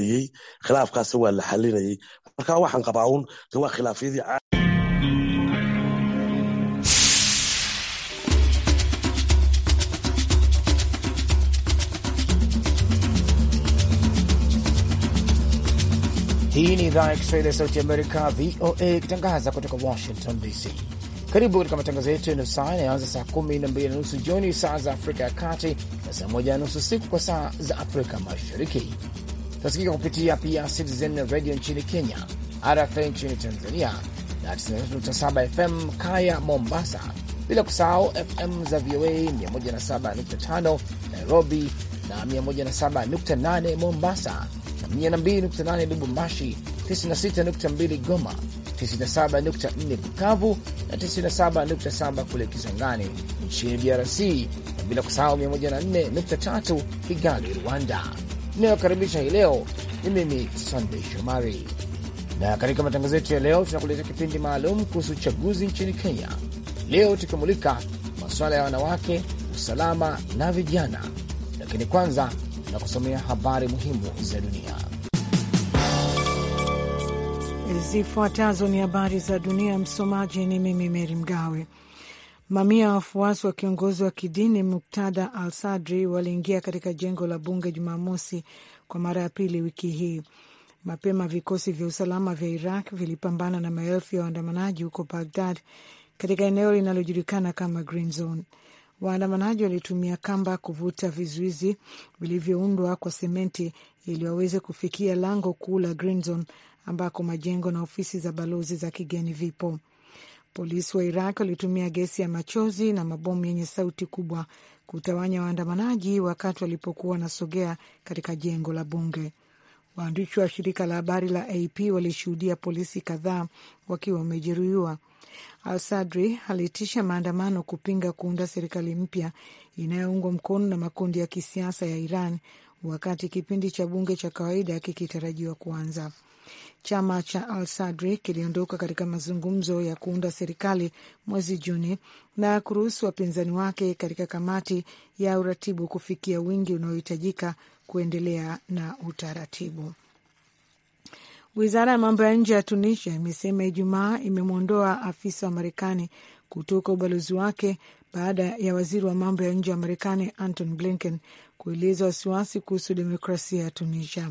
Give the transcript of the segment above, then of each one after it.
khilaafkaasi waa la xalinayay marka waxaan qabaa uun waa khilaafyadii Hii ni idhaa ya Kiswahili ya sauti Amerika, VOA, ikitangaza kutoka Washington DC. Karibu katika matangazo yetu ya nusu saa inayoanza saa kumi na mbili na nusu jioni saa za Afrika ya Kati na saa moja na nusu siku kwa saa za Afrika Mashariki tasikika kupitia pia Citizen Radio nchini Kenya, RFA nchini Tanzania na 93.7 FM Kaya Mombasa, bila kusahau FM za VOA 107.5 Nairobi na 107.8 Mombasa, 102.8 Lubumbashi, 96.2 Goma, 97.4 Bukavu na 97.7 kule Kisangani nchini DRC, na bila kusahau 104.3 Kigali, Rwanda inayokaribisha hii leo. Ni mimi Sandey Shomari, na katika matangazo yetu ya leo tunakuletea kipindi maalum kuhusu uchaguzi nchini Kenya, leo tukimulika masuala ya wanawake, usalama na vijana. Lakini kwanza tunakusomea habari muhimu za dunia. Zifuatazo ni habari za dunia. Msomaji ni mimi Meri Mgawe. Mamia ya wafuasi wa kiongozi wa kidini Muktada Al Sadri waliingia katika jengo la bunge Jumamosi kwa mara ya pili wiki hii. Mapema vikosi vya usalama vya Iraq vilipambana na maelfu ya waandamanaji huko Baghdad, katika eneo linalojulikana kama Green Zone. Waandamanaji walitumia kamba kuvuta vizuizi vilivyoundwa kwa sementi ili waweze kufikia lango kuu la Green Zone ambako majengo na ofisi za balozi za kigeni vipo. Polisi wa Iraq walitumia gesi ya machozi na mabomu yenye sauti kubwa kutawanya waandamanaji wakati walipokuwa wanasogea katika jengo la bunge. Waandishi wa shirika la habari la AP walishuhudia polisi kadhaa wakiwa wamejeruhiwa. Al-Sadri alitisha maandamano kupinga kuunda serikali mpya inayoungwa mkono na makundi ya kisiasa ya Iran wakati kipindi cha bunge cha kawaida kikitarajiwa kuanza. Chama cha Al Sadri kiliondoka katika mazungumzo ya kuunda serikali mwezi Juni na kuruhusu wapinzani wake katika kamati ya uratibu kufikia wingi unaohitajika kuendelea na utaratibu. Wizara ya mambo ya nje ya Tunisia imesema Ijumaa imemwondoa afisa wa Marekani kutoka ubalozi wake baada ya waziri wa mambo ya nje wa Marekani Anton Blinken kueleza wasiwasi kuhusu demokrasia ya Tunisia.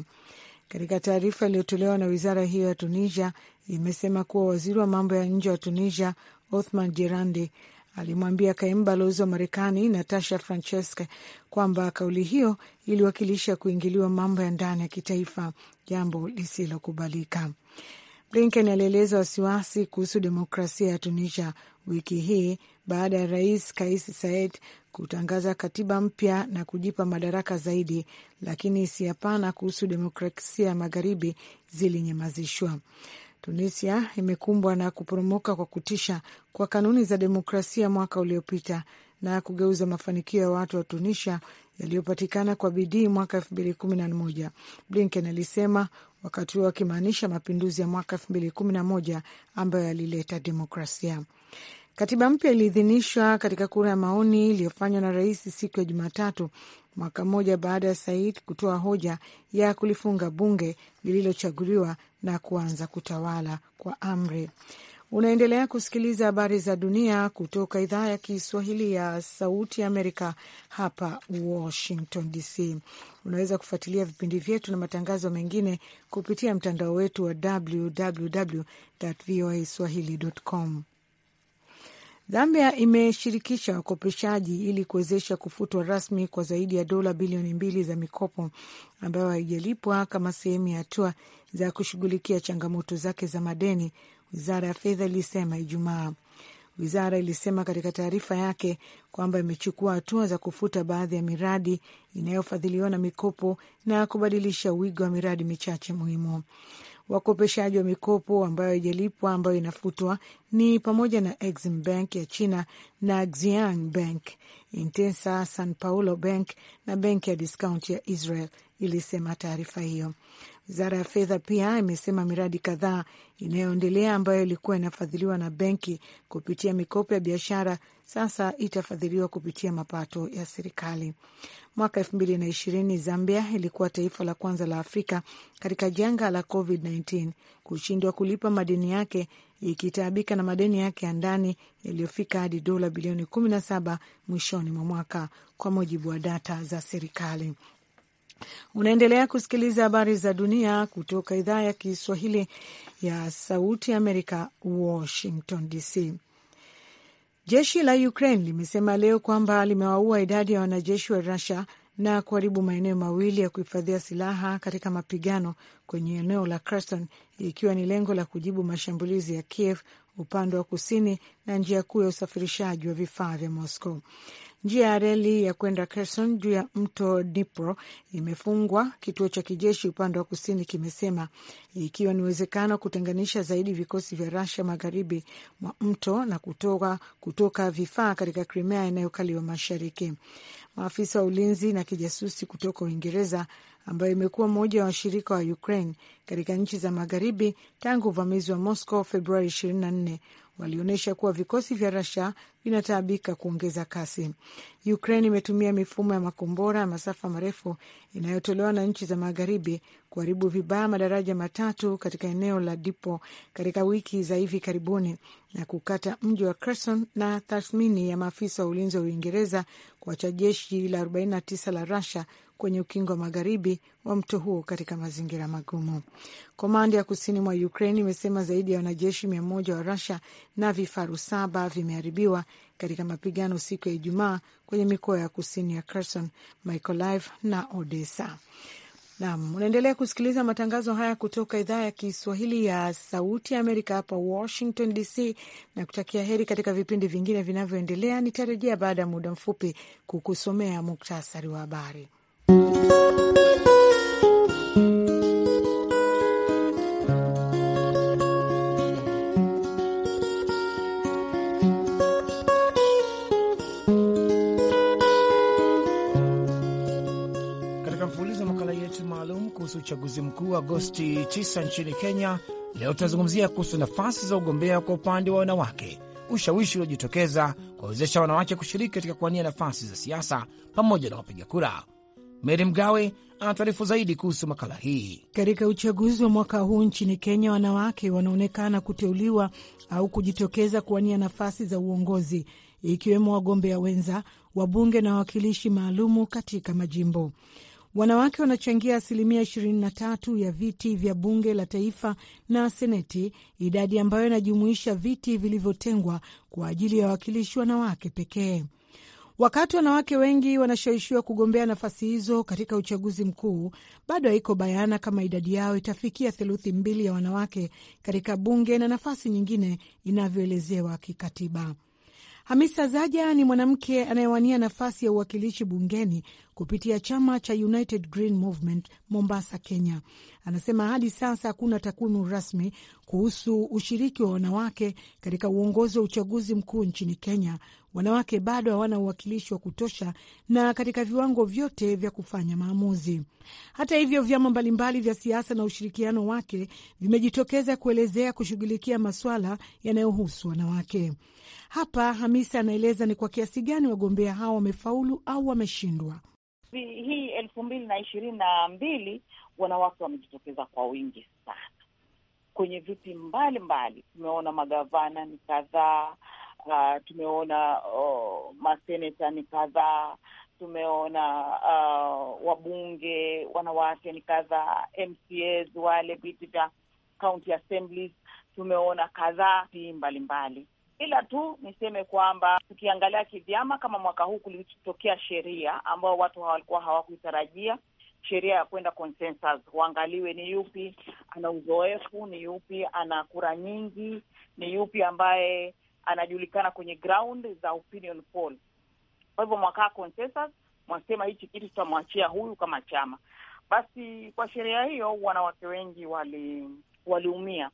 Katika taarifa iliyotolewa na wizara hiyo ya Tunisia, imesema kuwa waziri wa mambo ya nje wa Tunisia Othman Jerandi alimwambia kaimu balozi wa Marekani Natasha Francesca kwamba kauli hiyo iliwakilisha kuingiliwa mambo ya ndani ya kitaifa, jambo lisilokubalika. Blinken alieleza wasiwasi kuhusu demokrasia ya Tunisia wiki hii baada ya Rais Kais Saied kutangaza katiba mpya na kujipa madaraka zaidi, lakini hisia pana kuhusu demokrasia ya magharibi zilinyamazishwa. Tunisia imekumbwa na kuporomoka kwa kutisha kwa kanuni za demokrasia mwaka uliopita na kugeuza mafanikio ya watu wa Tunisia yaliyopatikana kwa bidii mwaka elfu mbili kumi na moja, Blinken alisema, wakati huo akimaanisha mapinduzi ya mwaka elfu mbili kumi na moja ambayo yalileta demokrasia. Katiba mpya iliidhinishwa katika kura ya maoni iliyofanywa na rais siku ya Jumatatu, mwaka mmoja baada ya Said kutoa hoja ya kulifunga bunge lililochaguliwa na kuanza kutawala kwa amri. Unaendelea kusikiliza habari za dunia kutoka idhaa ya Kiswahili ya Sauti ya Amerika, hapa Washington DC. Unaweza kufuatilia vipindi vyetu na matangazo mengine kupitia mtandao wetu wa www voa swahili com Zambia imeshirikisha wakopeshaji ili kuwezesha kufutwa rasmi kwa zaidi ya dola bilioni mbili za mikopo ambayo haijalipwa kama sehemu ya hatua za kushughulikia changamoto zake za madeni, wizara ya fedha ilisema Ijumaa. Wizara ilisema katika taarifa yake kwamba imechukua hatua za kufuta baadhi ya miradi inayofadhiliwa na mikopo na kubadilisha wigo wa miradi michache muhimu. Wakopeshaji wa mikopo ambayo haijalipwa ambayo inafutwa ni pamoja na Exim Bank ya China na Xiang Bank, Intesa San Paulo Bank na benki ya discount ya Israel, ilisema taarifa hiyo. Wizara ya fedha pia imesema miradi kadhaa inayoendelea ambayo ilikuwa inafadhiliwa na benki kupitia mikopo ya biashara sasa itafadhiliwa kupitia mapato ya serikali. Mwaka elfu mbili na ishirini Zambia ilikuwa taifa la kwanza la Afrika katika janga la COVID-19 kushindwa kulipa madeni yake ikitaabika na madeni yake ya ndani yaliyofika hadi dola bilioni saba mwishoni mwa mwaka kwa mujibu wa data za serikali. Unaendelea kusikiliza habari za dunia kutoka idhaa ya Kiswahili ya Sauti Amerika, Washington DC. Jeshi la Ukraine limesema leo kwamba limewaua idadi ya wanajeshi wa Rusia na kuharibu maeneo mawili ya kuhifadhia silaha katika mapigano kwenye eneo la Kherson ikiwa ni lengo la kujibu mashambulizi ya Kiev upande wa kusini na njia kuu ya usafirishaji wa vifaa vya Moscow. Njia ya reli ya kwenda Kherson juu ya mto Dnipro imefungwa, kituo cha kijeshi upande wa kusini kimesema, ikiwa ni uwezekano kutenganisha zaidi vikosi vya Russia magharibi mwa mto na kutoka, kutoka vifaa katika Krimea inayokaliwa mashariki. Maafisa wa ulinzi na kijasusi kutoka Uingereza ambayo imekuwa mmoja wa washirika wa Ukraine katika nchi za magharibi tangu uvamizi wa Moscow Februari 24 walionyesha kuwa vikosi vya Russia vinataabika kuongeza kasi. Ukraine imetumia mifumo ya makombora ya masafa marefu inayotolewa na nchi za magharibi kuharibu vibaya madaraja matatu katika eneo la Dipo katika wiki za hivi karibuni na kukata mji wa Kherson, na tathmini ya maafisa wa ulinzi wa Uingereza kuacha jeshi la 49 la Russia kwenye ukingo wa magharibi wa mto huo katika mazingira magumu. Komanda ya kusini mwa Ukraine imesema zaidi ya wanajeshi mia moja wa Russia na vifaru saba vimeharibiwa katika mapigano siku ya Ijumaa kwenye mikoa ya kusini ya Kherson, Mykolaiv na Odessa. Nam, unaendelea kusikiliza matangazo haya kutoka idhaa ya Kiswahili ya Sauti ya Amerika hapa Washington DC, na kutakia heri katika vipindi vingine vinavyoendelea. Nitarejea baada ya muda mfupi kukusomea muktasari wa habari. Uchaguzi mkuu wa Agosti 9 nchini Kenya. Leo tutazungumzia kuhusu nafasi za ugombea kwa upande wa wanawake, ushawishi uliojitokeza kuwawezesha wanawake kushiriki katika kuwania nafasi za siasa pamoja na wapiga kura. Meri Mgawe anatuarifu zaidi kuhusu makala hii. Katika uchaguzi wa mwaka huu nchini Kenya, wanawake wanaonekana kuteuliwa au kujitokeza kuwania nafasi za uongozi, ikiwemo wagombea wenza, wabunge na wawakilishi maalumu katika majimbo. Wanawake wanachangia asilimia 23 ya viti vya bunge la taifa na seneti, idadi ambayo inajumuisha viti vilivyotengwa kwa ajili ya wawakilishi wanawake pekee. Wakati wanawake wengi wanashawishiwa kugombea nafasi hizo katika uchaguzi mkuu, bado haiko bayana kama idadi yao itafikia theluthi mbili ya wanawake katika bunge na nafasi nyingine inavyoelezewa kikatiba. Hamisa Zaja ni mwanamke anayewania nafasi ya uwakilishi bungeni kupitia chama cha United Green Movement Mombasa, Kenya. Anasema hadi sasa hakuna takwimu rasmi kuhusu ushiriki wa wanawake katika uongozi wa uchaguzi mkuu nchini Kenya, wanawake bado hawana uwakilishi wa kutosha na katika viwango vyote vya kufanya maamuzi. Hata hivyo, vyama mbalimbali vya siasa na ushirikiano wake vimejitokeza kuelezea kushughulikia maswala yanayohusu wanawake. Hapa Hamisa anaeleza ni kwa kiasi gani wagombea hao wamefaulu au wameshindwa. Hii elfu mbili na ishirini na mbili wanawake wamejitokeza kwa wingi sana kwenye viti mbalimbali. Tumeona magavana ni kadhaa uh, tumeona uh, maseneta ni kadhaa, tumeona uh, wabunge wanawake ni kadhaa, MCAs wale viti vya county assemblies tumeona kadhaa mbalimbali, ila tu niseme kwamba tukiangalia kivyama, kama mwaka huu kulitokea sheria ambayo watu walikuwa hawakuitarajia sheria ya kwenda consensus, waangaliwe ni yupi ana uzoefu, ni yupi ana kura nyingi, ni yupi ambaye anajulikana kwenye ground za opinion poll. Kwa hivyo mwakaa consensus, mwasema hichi kitu tutamwachia huyu kama chama. Basi kwa sheria hiyo wanawake wengi wali waliumia,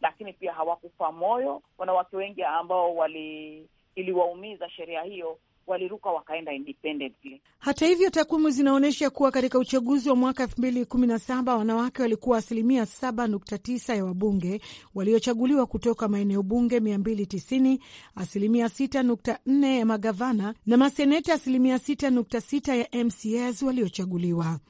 lakini pia hawakufa moyo. Wanawake wengi ambao wali iliwaumiza sheria hiyo waliruka wakaenda independently. Hata hivyo, takwimu zinaonyesha kuwa katika uchaguzi wa mwaka elfu mbili kumi na saba wanawake walikuwa asilimia saba nukta tisa ya wabunge waliochaguliwa kutoka maeneo bunge mia mbili tisini, asilimia sita nukta nne ya magavana na maseneta asilimia sita nukta sita ya MCS waliochaguliwa.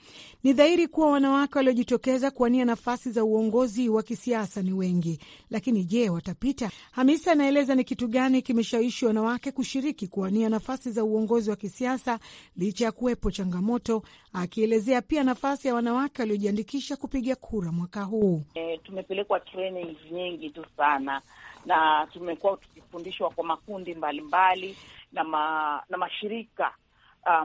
Ni dhahiri kuwa wanawake waliojitokeza kuwania nafasi za uongozi wa kisiasa ni wengi, lakini je, watapita? Hamisa anaeleza ni kitu gani kimeshawishi wanawake kushiriki kuwania nafasi nafasi za uongozi wa kisiasa licha ya kuwepo changamoto, akielezea pia nafasi ya wanawake waliojiandikisha kupiga kura mwaka huu. E, tumepelekwa training nyingi tu sana na tumekuwa tukifundishwa kwa makundi mbalimbali mbali, na, ma, na mashirika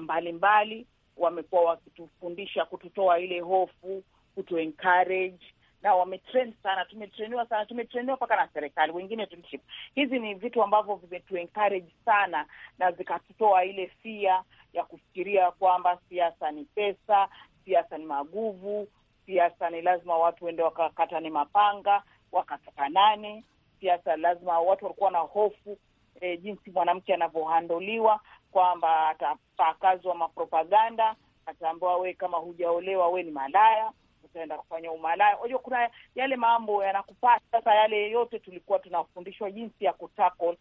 mbalimbali wamekuwa wakitufundisha, kututoa ile hofu, kutu encourage na wametrain sana, tumetrainiwa sana, tumetrainiwa mpaka na serikali, wengine tunship. Hizi ni vitu ambavyo vimetuencourage sana na zikatutoa ile fia ya kufikiria kwamba siasa ni pesa, siasa ni maguvu, siasa ni lazima watu waende wakakatane mapanga wakatakanane, siasa lazima watu walikuwa na hofu e, jinsi mwanamke anavyohandoliwa kwamba atapakazwa mapropaganda, ataambiwa we kama hujaolewa we ni malaya tutaenda kufanya umalaya. Unajua, kuna yale mambo yanakupata sasa, yale yote tulikuwa tunafundishwa jinsi ya kutackle.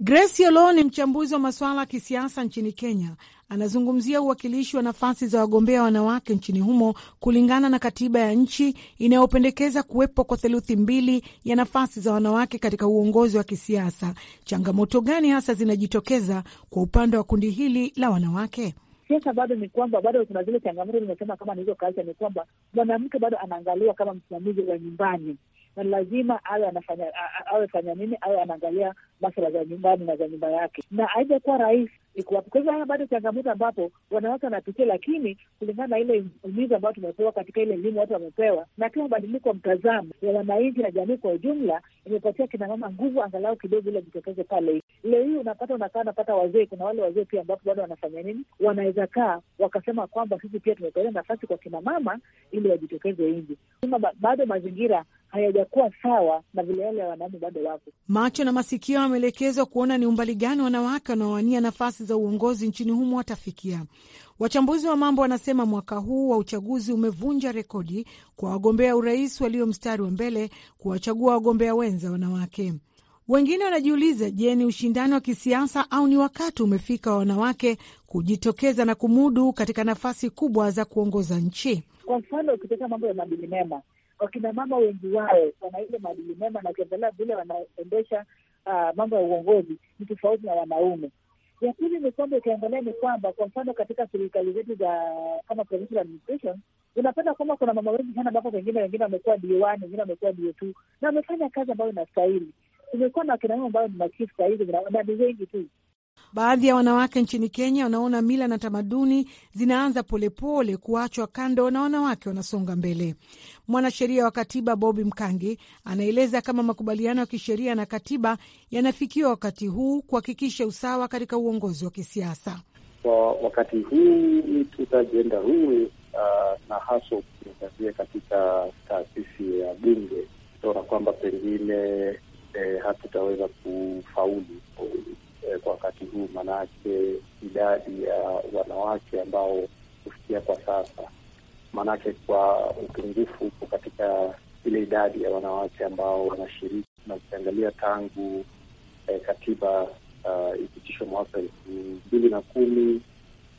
Grace Yolo ni mchambuzi wa masuala ya kisiasa nchini Kenya. Anazungumzia uwakilishi wa nafasi za wagombea wanawake nchini humo kulingana na katiba ya nchi inayopendekeza kuwepo kwa theluthi mbili ya nafasi za wanawake katika uongozi wa kisiasa. Changamoto gani hasa zinajitokeza kwa upande wa kundi hili la wanawake? Siasa bado ni kwamba bado kuna zile changamoto nimesema, kama nihizo kazi ni kwamba mwanamke bado anaangaliwa kama msimamizi wa nyumbani, na lazima awe anafanya awe fanya nini, awe anaangalia masala za nyumbani na za nyumba yake, na haijakuwa rahisi iko Kwa hivyo haya bado changamoto ambapo wanawake wanapitia, lakini kulingana na ile umizi ambayo tumepewa katika ile elimu watu wamepewa, na pia mabadiliko wa mtazamo ya wananchi na jamii kwa ujumla, imepatia kinamama nguvu angalau kidogo ile jitokeze pale. Leo hii unapata unakaa napata wazee, kuna wale wazee pia ambapo bado wanafanya nini, wanaweza kaa wakasema kwamba sisi pia tumepelea nafasi kwa kinamama ili wajitokeze nje. Bado mazingira hayajakuwa sawa na vile yale ya wanaume bado wapo. Macho na masikio yameelekezwa kuona ni umbali gani wanawake wanaowania nafasi za uongozi nchini humo atafikia. Wachambuzi wa mambo wanasema mwaka huu wa uchaguzi umevunja rekodi kwa wagombea urais walio mstari wa mbele kuwachagua wagombea wenza wanawake. Wengine wanajiuliza, je, ni ushindani wa kisiasa au ni wakati umefika wa wanawake kujitokeza na kumudu katika nafasi kubwa za kuongoza nchi? Kwa mfano, ukitokea mambo ya maadili mema, wakinamama wengi wao wana ile maadili mema, na ukiangalia vile wanaendesha uh, mambo ya uongozi ni tofauti na wanaume. Ya pili ni kwamba ukiangalia ni kwamba kwa mfano katika serikali zetu za kama provincial administration unapata kwamba kuna mama wengi sana ambapo pengine wengine wamekuwa D1 wengine wamekuwa D2 na wamefanya kazi ambayo inastahili. umekuwa na wakinamama ambayo ni machifu saa hizi na ni wengi tu, Baadhi ya wanawake nchini Kenya wanaona mila na tamaduni zinaanza polepole kuachwa kando na wanawake wanasonga mbele. Mwanasheria wa katiba Bobi Mkangi anaeleza kama makubaliano ya kisheria na katiba yanafikiwa wakati huu kuhakikisha usawa katika uongozi wa kisiasa kwa wakati huu tutajenda huu uh, na haswa ukiangazia katika taasisi ya bunge utaona kwamba pengine eh, hatutaweza kufaulu eh, kwa wakati huu, maanake idadi ya uh, wanawake ambao kufikia kwa sasa, maanake kwa upungufu uko katika ile idadi ya wanawake ambao wanashiriki, na ukiangalia tangu eh, katiba ah, ipitishwa mwaka elfu mbili na kumi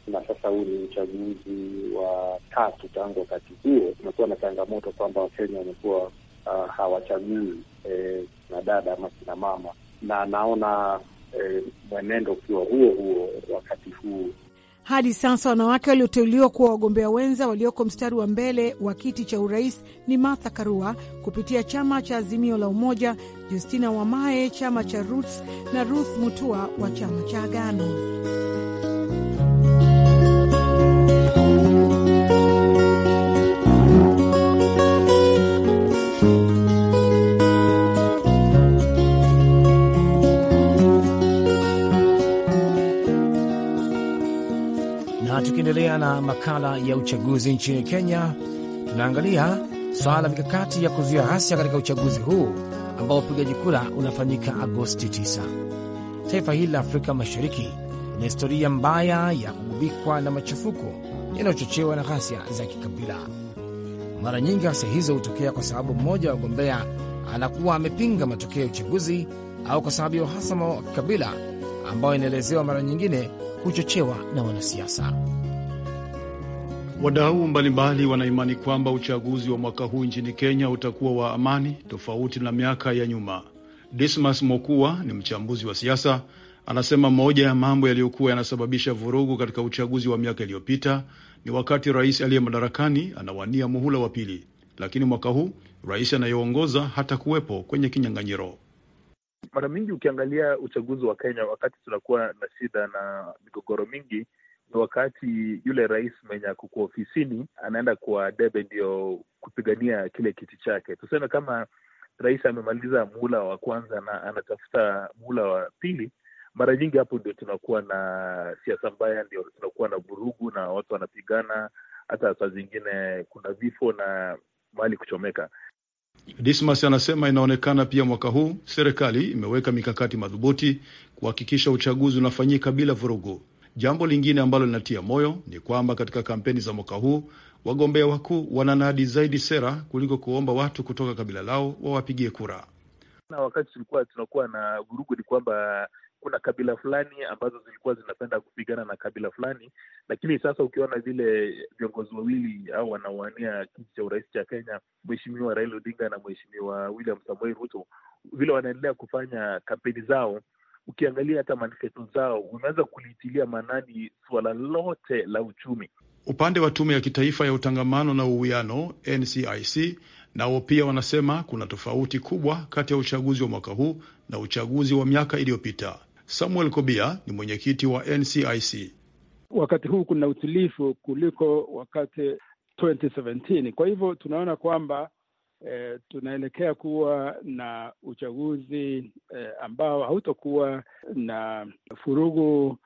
na sasa huu ni uchaguzi wa tatu tangu wakati huo, kumekuwa na changamoto kwamba Wakenya wamekuwa uh, hawachagui eh, na dada ama kina mama, na naona eh, mwenendo ukiwa huo huo wakati huu. Hadi sasa wanawake walioteuliwa kuwa wagombea wenza walioko mstari wa mbele wa kiti cha urais ni Martha Karua kupitia chama cha Azimio la Umoja, Justina Wamae chama cha Roots na Ruth Mutua wa chama cha Agano. tunaendelea na makala ya uchaguzi nchini Kenya. Tunaangalia swala la mikakati ya kuzuia ghasia katika uchaguzi huu ambao upigaji kura unafanyika Agosti 9. Taifa hili la Afrika Mashariki lina historia mbaya ya kugubikwa na machafuko yanayochochewa na ghasia za kikabila. Mara nyingi ghasia hizo hutokea kwa sababu mmoja wa wagombea anakuwa amepinga matokeo ya uchaguzi au kwa sababu ya uhasama wa kikabila ambayo inaelezewa mara nyingine kuchochewa na wanasiasa. Wadau mbalimbali wanaimani kwamba uchaguzi wa mwaka huu nchini Kenya utakuwa wa amani tofauti na miaka ya nyuma. Dismas Mokua ni mchambuzi wa siasa, anasema moja ya mambo yaliyokuwa yanasababisha vurugu katika uchaguzi wa miaka iliyopita ni wakati rais aliye madarakani anawania muhula wa pili, lakini mwaka huu rais anayeongoza kuwepo kwenye kinyang'anyiro. Mara mingi ukiangalia uchaguzi wa Kenya, wakati tunakuwa na shida na migogoro mingi, wakati yule rais mwenye kukuwa ofisini anaenda kwa debe ndio kupigania kile kiti chake. Tuseme kama rais amemaliza muhula wa kwanza na anatafuta muhula wa pili, mara nyingi hapo ndio tunakuwa na siasa mbaya, ndio tunakuwa na vurugu na watu wanapigana, hata saa zingine kuna vifo na mali kuchomeka. Dismas anasema inaonekana pia mwaka huu serikali imeweka mikakati madhubuti kuhakikisha uchaguzi unafanyika bila vurugu. Jambo lingine ambalo linatia moyo ni kwamba katika kampeni za mwaka huu wagombea wakuu wananadi zaidi sera kuliko kuomba watu kutoka kabila lao wawapigie kura. Na wakati tulikuwa tunakuwa na vurugu, ni kwamba kuna kabila fulani ambazo zilikuwa zinapenda kupigana na kabila fulani, lakini sasa ukiona vile viongozi wawili au wanaowania kiti cha urais cha Kenya, Mheshimiwa Raila Odinga na Mheshimiwa William Samoei Ruto, vile wanaendelea kufanya kampeni zao ukiangalia hata manifesto zao unaweza kulitilia maanani suala lote la uchumi. Upande wa tume ya kitaifa ya utangamano na uwiano NCIC nao pia wanasema kuna tofauti kubwa kati ya uchaguzi wa mwaka huu na uchaguzi wa miaka iliyopita. Samuel Kobia ni mwenyekiti wa NCIC. Wakati huu kuna utulivu kuliko wakati 2017. Kwa hivyo tunaona kwamba eh, tunaelekea kuwa na uchaguzi eh, ambao hautokuwa na furugu.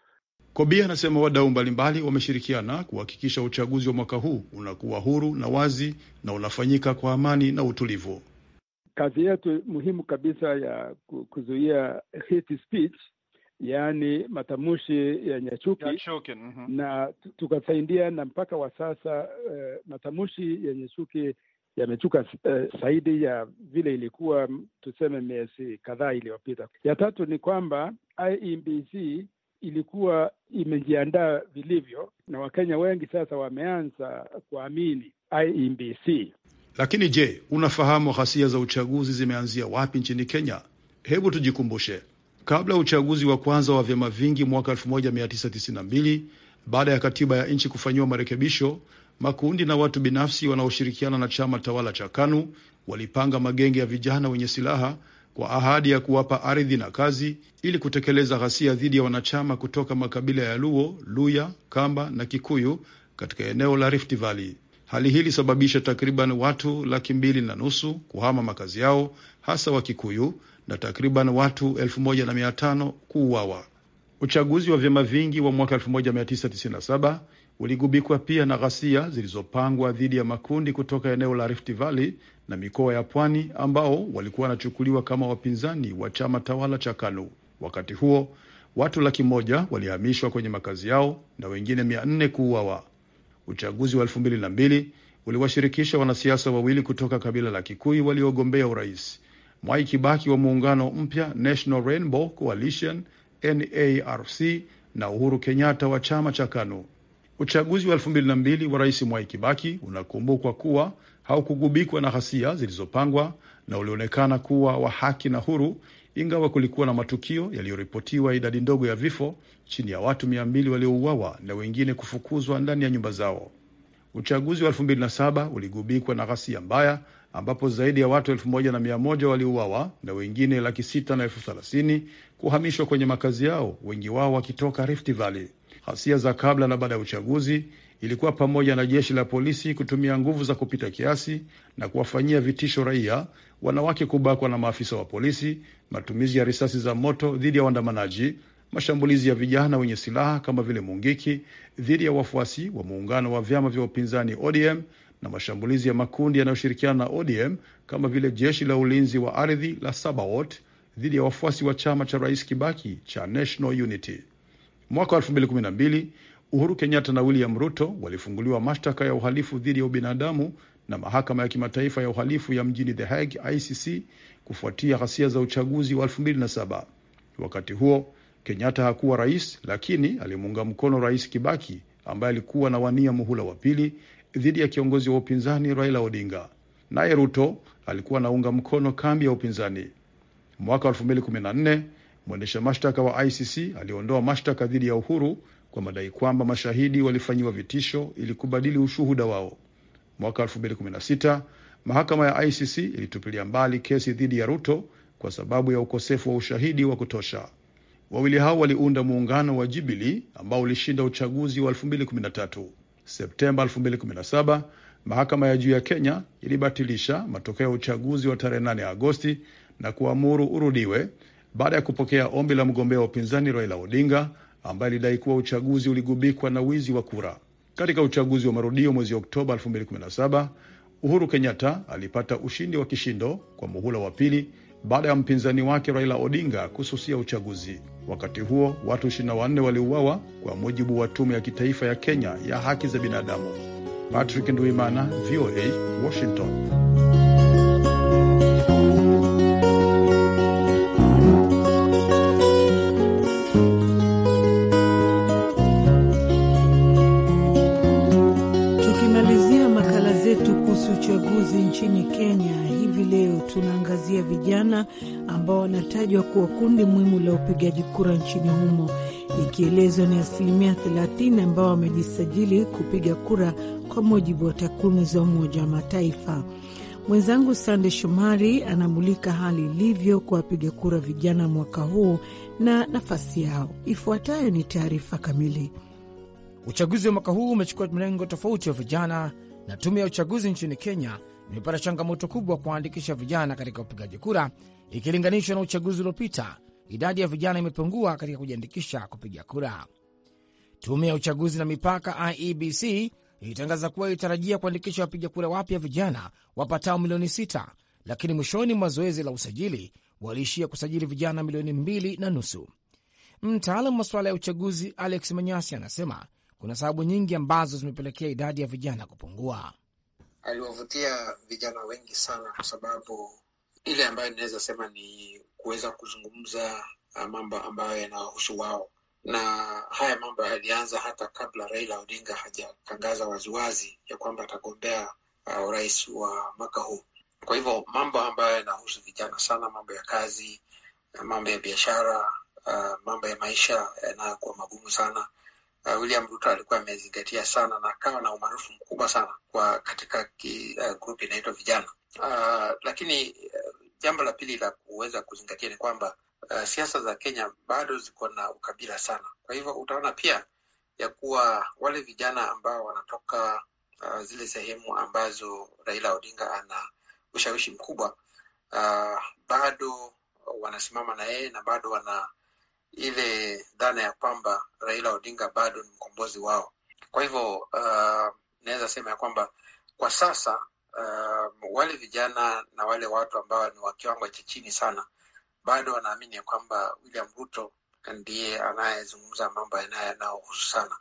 Kobia anasema wadau mbalimbali wameshirikiana kuhakikisha uchaguzi wa mwaka huu unakuwa huru na wazi na unafanyika kwa amani na utulivu. Kazi yetu muhimu kabisa ya kuzuia hate speech, yaani matamushi yenye ya chuki, Mm -hmm. na tukasaidia na mpaka wa sasa uh, e, matamushi yenye chuki yamechuka eh, zaidi ya vile ilikuwa tuseme miezi kadhaa iliyopita. Ya tatu ni kwamba IEBC ilikuwa imejiandaa vilivyo na Wakenya wengi sasa wameanza kuamini IEBC. Lakini je, unafahamu ghasia za uchaguzi zimeanzia wapi nchini Kenya? Hebu tujikumbushe, kabla ya uchaguzi wa kwanza wa vyama vingi mwaka 1992 baada ya katiba ya nchi kufanyiwa marekebisho, makundi na watu binafsi wanaoshirikiana na chama tawala cha KANU walipanga magenge ya vijana wenye silaha kwa ahadi ya kuwapa ardhi na kazi ili kutekeleza ghasia dhidi ya wanachama kutoka makabila ya Luo, Luya, Kamba na Kikuyu katika eneo la Rift Valley. Hali hii ilisababisha takriban watu laki mbili na nusu kuhama makazi yao, hasa wa Kikuyu, na takriban watu elfu moja na mia tano kuuawa. Uchaguzi wa vyama vingi wa mwaka uligubikwa pia na ghasia zilizopangwa dhidi ya makundi kutoka eneo la Rift Valley na mikoa ya pwani ambao walikuwa wanachukuliwa kama wapinzani wa chama tawala cha KANU. Wakati huo watu laki moja walihamishwa kwenye makazi yao na wengine mia nne kuuawa. Uchaguzi wa elfu mbili na mbili uliwashirikisha wanasiasa wawili kutoka kabila la Kikui waliogombea urais. Mwai Kibaki wa muungano mpya National Rainbow Coalition NARC na Uhuru Kenyatta wa chama cha KANU. Uchaguzi wa elfu mbili na mbili wa Rais Mwai Kibaki unakumbukwa kuwa haukugubikwa na ghasia zilizopangwa na ulionekana kuwa wa haki na huru, ingawa kulikuwa na matukio yaliyoripotiwa, idadi ndogo ya vifo, chini ya watu mia mbili waliouawa na wengine kufukuzwa ndani ya nyumba zao. Uchaguzi wa 2007 uligubikwa na ghasia mbaya ambapo zaidi ya watu elfu moja na mia moja waliuawa na wengine laki sita na elfu thelathini kuhamishwa kwenye makazi yao, wengi wao wakitoka Rift Valley hasia za kabla na baada ya uchaguzi ilikuwa pamoja na jeshi la polisi kutumia nguvu za kupita kiasi na kuwafanyia vitisho raia, wanawake kubakwa na maafisa wa polisi, matumizi ya risasi za moto dhidi ya waandamanaji, mashambulizi ya vijana wenye silaha kama vile Mungiki dhidi ya wafuasi wa muungano wa vyama vya upinzani ODM na mashambulizi ya makundi yanayoshirikiana na ODM kama vile jeshi la ulinzi wa ardhi la Sabawot dhidi ya wafuasi wa chama cha Rais Kibaki cha National Unity. Mwaka wa 2012 Uhuru Kenyatta na William Ruto walifunguliwa mashtaka ya uhalifu dhidi ya ubinadamu na mahakama ya kimataifa ya uhalifu ya mjini The Hague ICC kufuatia ghasia za uchaguzi wa 2007. Wakati huo Kenyatta hakuwa rais, lakini alimuunga mkono Rais Kibaki ambaye alikuwa na wania muhula wa pili dhidi ya kiongozi wa upinzani Raila Odinga. Naye Ruto alikuwa anaunga mkono kambi ya upinzani. Mwaka Mwendesha mashtaka wa ICC aliondoa mashtaka dhidi ya Uhuru kwa madai kwamba mashahidi walifanyiwa vitisho ili kubadili ushuhuda wao. Mwaka 2016 mahakama ya ICC ilitupilia mbali kesi dhidi ya Ruto kwa sababu ya ukosefu wa ushahidi wa kutosha. Wawili hao waliunda muungano wa Jibili ambao ulishinda uchaguzi wa 2013. Septemba 2017 mahakama ya juu ya Kenya ilibatilisha matokeo ya uchaguzi wa tarehe 8 Agosti na kuamuru urudiwe baada ya kupokea ombi la mgombea wa upinzani Raila Odinga ambaye alidai kuwa uchaguzi uligubikwa na wizi wa kura. Katika uchaguzi wa marudio mwezi Oktoba 2017, Uhuru Kenyatta alipata ushindi wa kishindo kwa muhula wa pili baada ya mpinzani wake Raila Odinga kususia uchaguzi. Wakati huo watu 24 waliuawa kwa mujibu wa tume ya kitaifa ya Kenya ya haki za binadamu. Patrick Nduimana, VOA, Washington. uchaguzi nchini Kenya hivi leo tunaangazia vijana ambao wanatajwa kuwa kundi muhimu la upigaji kura nchini humo, ikielezwa ni asilimia 30 ambao wamejisajili kupiga kura kwa mujibu wa takwimu za Umoja wa Mataifa. Mwenzangu Sande Shomari anamulika hali ilivyo kwa wapiga kura vijana mwaka huu na nafasi yao. Ifuatayo ni taarifa kamili. Uchaguzi wa mwaka huu umechukua mrengo tofauti wa vijana na tume ya uchaguzi nchini Kenya imepata changamoto kubwa kuandikisha vijana katika upigaji kura ikilinganishwa na uchaguzi uliopita. Idadi ya vijana imepungua katika kujiandikisha kupiga kura. Tume ya uchaguzi na mipaka IEBC ilitangaza kuwa ilitarajia kuandikisha wapiga kura wapya vijana wapatao milioni sita, lakini mwishoni mwa zoezi la usajili waliishia kusajili vijana milioni mbili na nusu. Mtaalamu wa masuala ya uchaguzi Alex Manyasi anasema kuna sababu nyingi ambazo zimepelekea idadi ya vijana kupungua. Aliwavutia vijana wengi sana kwa sababu ile ambayo inaweza sema ni kuweza kuzungumza ah, mambo ambayo yanawahusu wao, na haya mambo yalianza hata kabla Raila Odinga hajatangaza waziwazi ya kwamba atagombea ah, urais uh, wa mwaka huu. Kwa hivyo mambo ambayo yanahusu vijana sana, mambo ya kazi, ah, mambo ya biashara, uh, mambo ya maisha yanayokuwa magumu sana uh, William Ruto alikuwa amezingatia sana na akawa na umaarufu mkubwa sana kwa katika ki, uh, grupu inaitwa vijana uh, lakini uh, jambo la pili la kuweza kuzingatia ni kwamba uh, siasa za Kenya bado ziko na ukabila sana. Kwa hivyo utaona pia ya kuwa wale vijana ambao wanatoka uh, zile sehemu ambazo Raila Odinga ana ushawishi mkubwa uh, bado wanasimama na yeye na bado wana ile dhana ya kwamba Raila Odinga bado ni mkombozi wao. Kwa hivyo uh, naweza sema ya kwamba kwa sasa uh, wale vijana na wale watu ambao ni wa kiwango cha chini sana bado wanaamini ya kwamba William Ruto ndiye anayezungumza mambo yanayohusu sana.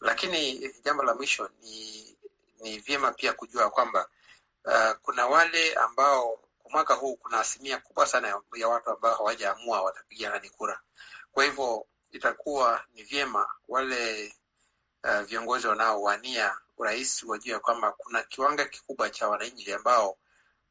Lakini jambo la mwisho ni, ni vyema pia kujua kwamba uh, kuna wale ambao mwaka huu kuna asilimia kubwa sana ya watu ambao hawajaamua watapiga nani kura. Kwa hivyo itakuwa ni vyema wale uh, viongozi wanaowania urais wajue kwamba kuna kiwango kikubwa cha wananchi ambao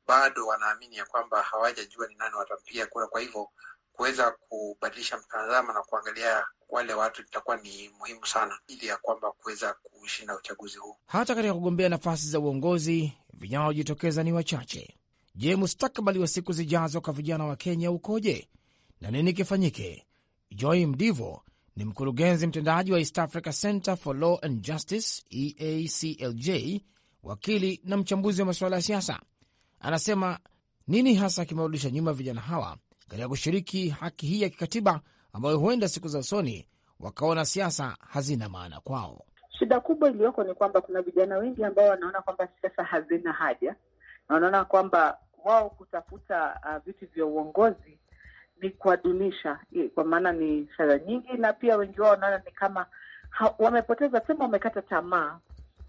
bado wanaamini ya kwamba hawajajua ni nani watampigia kura. Kwa hivyo kuweza kubadilisha mtazamo na kuangalia wale watu itakuwa ni muhimu sana, ili ya kwamba kuweza kushinda uchaguzi huu. Hata katika kugombea nafasi za uongozi, vijana waliojitokeza ni wachache. Je, mustakabali wa siku zijazo kwa vijana wa Kenya ukoje na nini kifanyike? Joy Mdivo ni mkurugenzi mtendaji wa East Africa Center for Law and Justice EACLJ, wakili na mchambuzi wa masuala ya siasa, anasema nini hasa kimewarudisha nyuma vijana hawa katika kushiriki haki hii ya kikatiba ambayo huenda siku za usoni wakaona siasa hazina maana kwao. Shida kubwa iliyoko ni kwamba kuna vijana wengi ambao wanaona kwamba siasa hazina haja na wanaona kwamba wao kutafuta uh, viti vya uongozi ni kuwadunisha, kwa maana ni fedha nyingi, na pia wengi wao wanaona ni kama ha, wamepoteza sema wamekata tamaa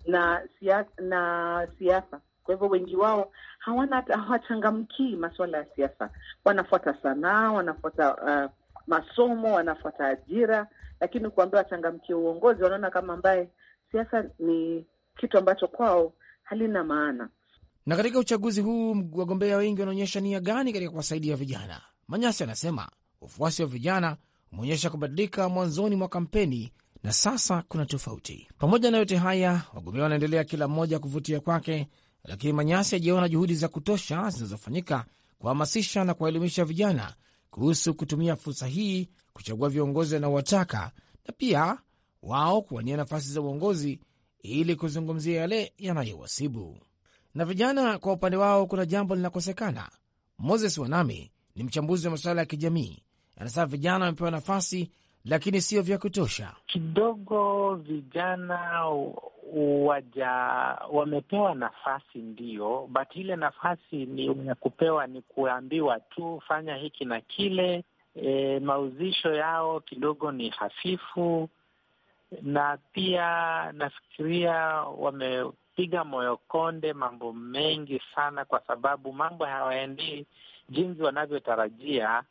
na siasa, na siasa. Kwa hivyo wengi wao hawana hawachangamkii masuala ya siasa, wanafuata sanaa, wanafuata uh, masomo, wanafuata ajira, lakini kuambia wachangamkie uongozi, wanaona kama ambaye siasa ni kitu ambacho kwao halina maana. Na katika uchaguzi huu wagombea wengi wanaonyesha nia gani katika kuwasaidia vijana? Manyasi anasema ufuasi wa vijana umeonyesha kubadilika mwanzoni mwa kampeni na sasa kuna tofauti. Pamoja na yote haya, wagombea wanaendelea kila mmoja kuvutia kwake, lakini Manyasi hajaona juhudi za kutosha zinazofanyika kuhamasisha na kuwaelimisha vijana kuhusu kutumia fursa hii kuchagua viongozi wanaowataka na pia wao kuwania nafasi za uongozi ili kuzungumzia yale yanayowasibu na vijana kwa upande wao kuna jambo linakosekana. Moses Wanami ni mchambuzi wa masuala ya kijamii, anasema vijana wamepewa nafasi lakini sio vya kutosha. Kidogo vijana waja wamepewa nafasi ndio, but ile nafasi ni ya kupewa, ni kuambiwa tu fanya hiki na kile. E, mauzisho yao kidogo ni hafifu, na pia nafikiria wame piga moyo konde mambo mengi sana, kwa sababu mambo hayaendi jinsi wanavyotarajia,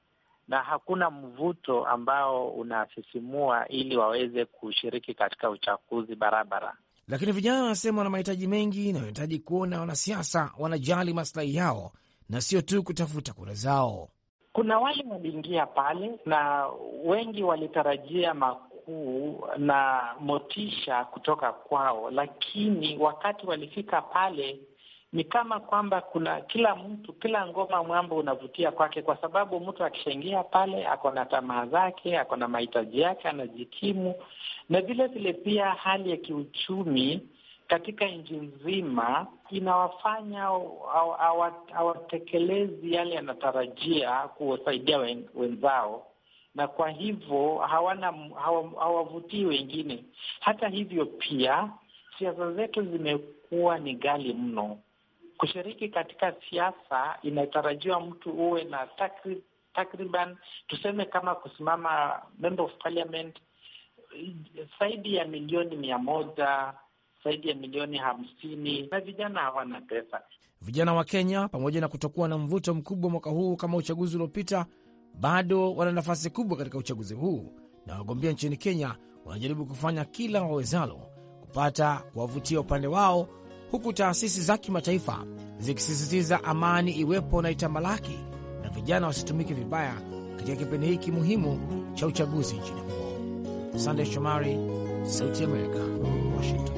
na hakuna mvuto ambao unasisimua ili waweze kushiriki katika uchaguzi barabara. Lakini vijana wanasema wana mahitaji mengi na wanahitaji kuona wanasiasa wanajali maslahi yao na sio tu kutafuta kura zao. Kuna wale waliingia pale na wengi walitarajia ma nguvu na motisha kutoka kwao, lakini wakati walifika pale ni kama kwamba kuna kila mtu, kila ngoma mwambo unavutia kwake, kwa sababu mtu akishaingia pale ako na tamaa zake, ako na mahitaji yake, anajikimu. Na vile vile pia hali ya kiuchumi katika nchi nzima inawafanya hawatekelezi yale yanatarajia kuwasaidia wenzao na kwa hivyo hawana hawavutii wengine. Hata hivyo, pia siasa zetu zimekuwa ni ghali mno. Kushiriki katika siasa inatarajiwa mtu uwe na takri, takriban tuseme kama kusimama member of parliament zaidi ya milioni mia moja zaidi ya milioni hamsini na vijana hawana pesa. Vijana wa Kenya, pamoja na kutokuwa na mvuto mkubwa mwaka huu kama uchaguzi uliopita bado wana nafasi kubwa katika uchaguzi huu, na wagombea nchini Kenya wanajaribu kufanya kila wawezalo kupata kuwavutia upande wao, huku taasisi za kimataifa zikisisitiza amani iwepo na itamalaki na vijana wasitumike vibaya katika kipindi hiki muhimu cha uchaguzi nchini humo. Sandey Shomari, Sauti ya Amerika, Washington.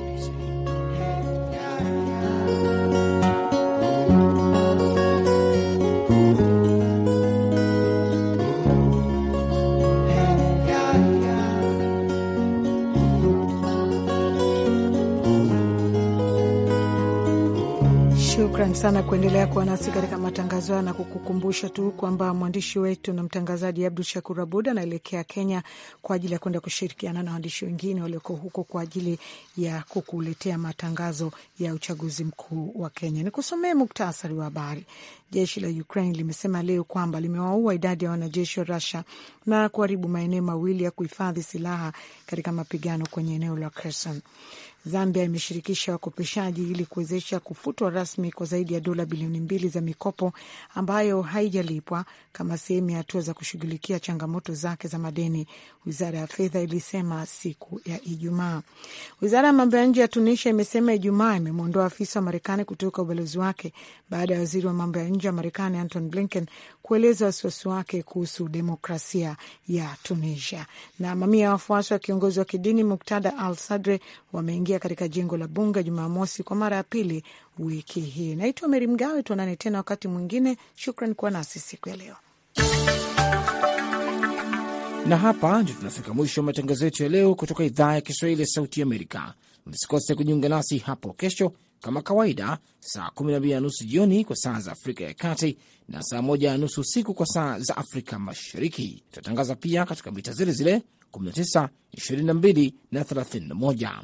Shukran sana kuendelea kuwa nasi katika matangazo haya, na kukukumbusha tu kwamba mwandishi wetu na mtangazaji Abdu Shakur Abud anaelekea Kenya kwa ajili ya kwenda kushirikiana na waandishi wengine walioko huko kwa ajili ya kukuletea matangazo ya uchaguzi mkuu wa Kenya. Ni kusomee muktasari wa habari. Jeshi la Ukraine limesema leo kwamba limewaua idadi ya wanajeshi wa Rusia na kuharibu maeneo mawili ya kuhifadhi silaha katika mapigano kwenye eneo la Kherson. Zambia imeshirikisha wakopeshaji ili kuwezesha kufutwa rasmi kwa zaidi ya dola bilioni mbili za mikopo ambayo haijalipwa kama sehemu ya hatua za kushughulikia changamoto zake za madeni, wizara ya fedha ilisema siku ya Ijumaa. Wizara ya mambo ya nje ya Tunisia imesema Ijumaa imemwondoa afisa wa Marekani kutoka ubalozi wake baada ya waziri wa mambo ya nje wa Marekani Anton Blinken kueleza wasiwasi wake kuhusu demokrasia ya Tunisia. Na mamia ya wafuasi wa kiongozi wa kidini Muktada Al Sadre wameingia kuingia katika jengo la bunge Jumamosi kwa mara ya pili wiki hii. Naitwa Meri Mgawe, tuonane tena wakati mwingine. Shukran kuwa nasi siku ya leo. Na hapa ndio tunafika mwisho wa matangazo yetu ya leo kutoka idhaa ya Kiswahili ya Sauti Amerika. Msikose kujiunga nasi hapo kesho kama kawaida, saa 12 na nusu jioni kwa saa za Afrika ya Kati na saa 1 na nusu usiku kwa saa za Afrika Mashariki. Tutatangaza pia katika mita zile zile 19, 22 na 31.